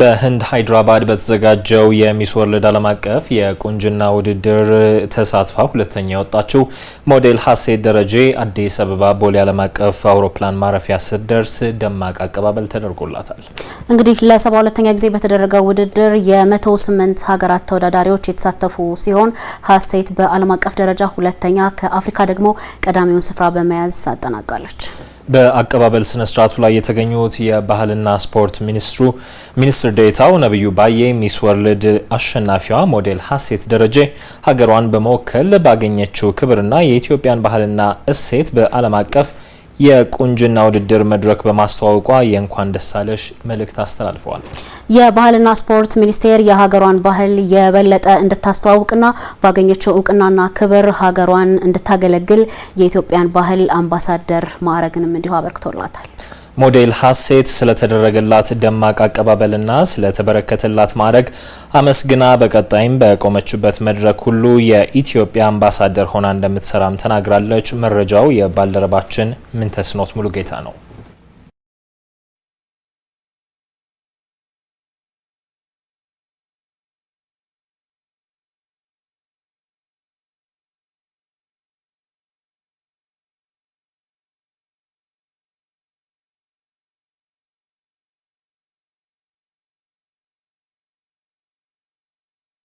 በህንድ ሃይድራባድ በተዘጋጀው የሚስ ወርልድ ዓለም አቀፍ የቁንጅና ውድድር ተሳትፋ ሁለተኛ የወጣችው ሞዴል ሀሴት ደረጀ አዲስ አበባ ቦሌ ዓለም አቀፍ አውሮፕላን ማረፊያ ስትደርስ ደማቅ አቀባበል ተደርጎላታል። እንግዲህ ለሰባ ሁለተኛ ጊዜ በተደረገው ውድድር የመቶ ስምንት ሀገራት ተወዳዳሪዎች የተሳተፉ ሲሆን ሀሴት በዓለም አቀፍ ደረጃ ሁለተኛ ከአፍሪካ ደግሞ ቀዳሚውን ስፍራ በመያዝ አጠናቃለች። በአቀባበል ስነ ስርዓቱ ላይ የተገኙት የባህልና ስፖርት ሚኒስትሩ ሚኒስትር ዴታው ነብዩ ባዬ ሚስ ወርልድ አሸናፊዋ ሞዴል ሀሴት ደረጀ ሀገሯን በመወከል ባገኘችው ክብርና የኢትዮጵያን ባህልና እሴት በዓለም አቀፍ የቁንጅና ውድድር መድረክ በማስተዋወቋ የእንኳን ደሳለሽ መልእክት አስተላልፈዋል። የባህልና ስፖርት ሚኒስቴር የሀገሯን ባህል የበለጠ እንድታስተዋውቅና ባገኘችው እውቅናና ክብር ሀገሯን እንድታገለግል የኢትዮጵያን ባህል አምባሳደር ማዕረግንም እንዲሁ አበርክቶላታል። ሞዴል ሀሴት ስለተደረገላት ደማቅ አቀባበልና ስለተበረከተላት ማዕረግ አመስግና በቀጣይም በቆመችበት መድረክ ሁሉ የኢትዮጵያ አምባሳደር ሆና እንደምትሰራም ተናግራለች። መረጃው የባልደረባችን ምንተስኖት ሙሉጌታ ነው።